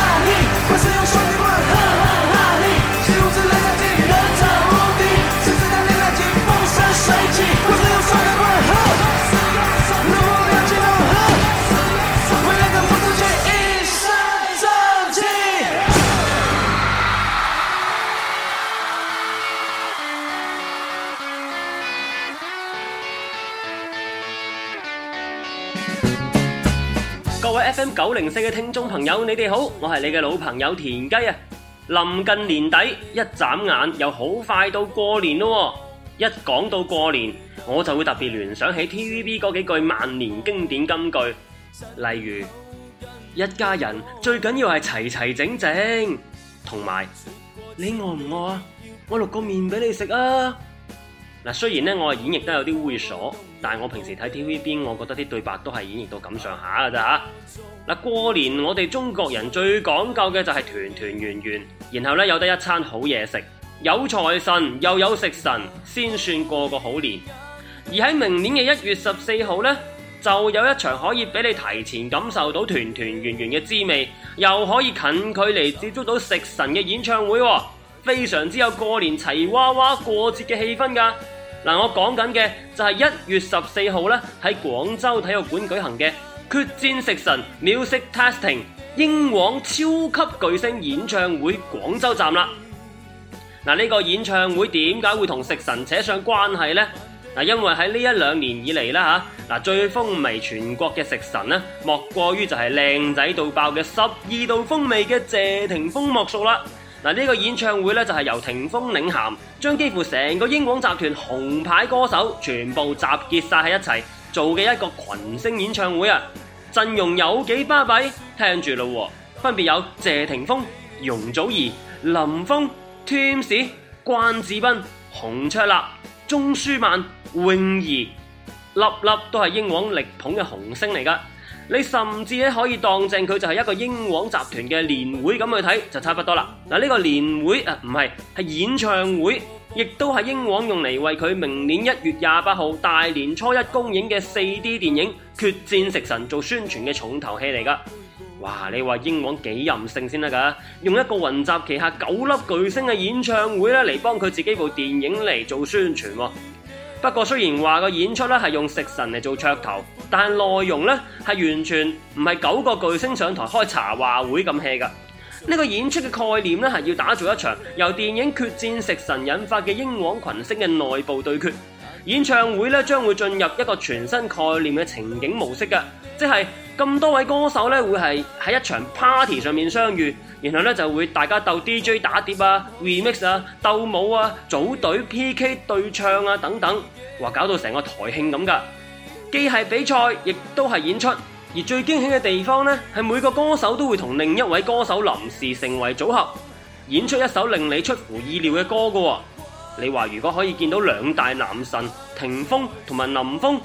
各位 FM 九零四嘅聽眾朋友，你哋好，我係你嘅老朋友田雞啊！臨近年底，一眨眼又好快到過年咯。一講到過年，我就會特別聯想起 TVB 嗰幾句萬年經典金句，例如：一家人最緊要係齊齊整整，同埋你餓唔餓啊？我落個麵俾你食啊！嗱，雖然咧我係演繹得有啲猥瑣，但係我平時睇 TVB，我覺得啲對白都係演繹到咁上下嘅咋嚇。嗱，過年我哋中國人最講究嘅就係團團圓圓，然後咧有得一餐好嘢食，有財神又有食神，先算過個好年。而喺明年嘅一月十四號咧，就有一場可以俾你提前感受到團團圓圓嘅滋味，又可以近距離接觸到食神嘅演唱會喎。非常之有過年齊娃娃過節嘅氣氛㗎。嗱，我講緊嘅就係一月十四號呢，喺廣州體育館舉行嘅決戰食神 Music Testing 英皇超級巨星演唱會廣州站啦。嗱，呢、呢個演唱會點解會同食神扯上關係呢？嗱，因為喺呢一兩年以嚟啦嚇嗱，最風靡全國嘅食神呢，莫過於就係靚仔到爆嘅十二度風味嘅謝霆鋒莫屬啦。嗱呢個演唱會咧就係由霆鋒領銜，將幾乎成個英皇集團紅牌歌手全部集結曬喺一齊做嘅一個群星演唱會啊！陣容有幾巴閉，聽住咯喎，分別有謝霆鋒、容祖兒、林峯、Twins、關智斌、洪卓立、鍾舒漫、泳兒，粒粒都係英皇力捧嘅紅星嚟㗎。你甚至可以當正佢就係一個英皇集團嘅年會咁去睇就差不多啦。嗱呢個年會啊，唔係係演唱會，亦都係英皇用嚟為佢明年一月廿八號大年初一公映嘅 4D 電影《決戰食神》做宣傳嘅重頭戲嚟㗎。哇！你話英皇幾任性先得㗎？用一個雲集旗下九粒巨星嘅演唱會咧嚟幫佢自己部電影嚟做宣傳喎。不過雖然話個演出咧係用食神嚟做噱頭，但係內容咧係完全唔係九個巨星上台開茶話會咁 hea 㗎。呢個演出嘅概念咧係要打造一場由電影《決戰食神》引發嘅英皇群星嘅內部對決。演唱會咧將會進入一個全新概念嘅情景模式㗎，即係。咁多位歌手咧會係喺一場 party 上面相遇，然後咧就會大家鬥 DJ 打碟啊、remix 啊、鬥舞啊、組隊啊、組隊 PK 對唱啊等等，話搞到成個台慶咁噶。既係比賽，亦都係演出。而最驚喜嘅地方呢，係每個歌手都會同另一位歌手臨時成為組合，演出一首令你出乎意料嘅歌噶喎。你話如果可以見到兩大男神霆鋒同埋林峰。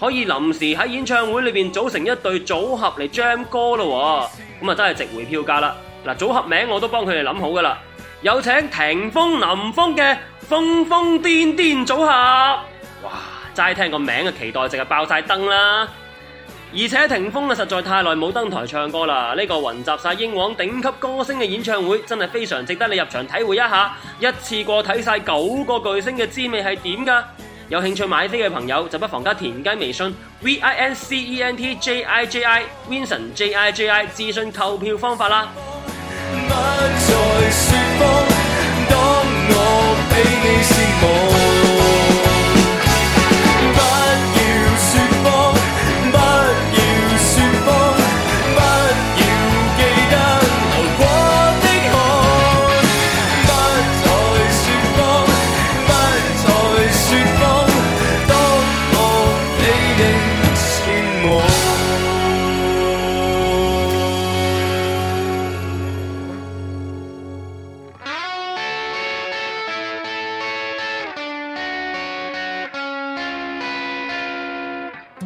可以臨時喺演唱會裏邊組成一對組合嚟 jam 歌咯喎，咁啊真係值回票價啦！嗱，組合名我都幫佢哋諗好噶啦，有請霆鋒林峯嘅瘋瘋癲癲組合，哇！齋聽個名嘅期待淨係爆晒燈啦！而且霆鋒啊實在太耐冇登台唱歌啦，呢、這個雲集晒英皇頂級歌星嘅演唱會真係非常值得你入場體會一下，一次過睇晒九個巨星嘅滋味係點噶！有興趣買飛嘅朋友，就不妨加田雞微信 v i n c e n t j i j i Vincent j i j i 諮詢購票方法啦。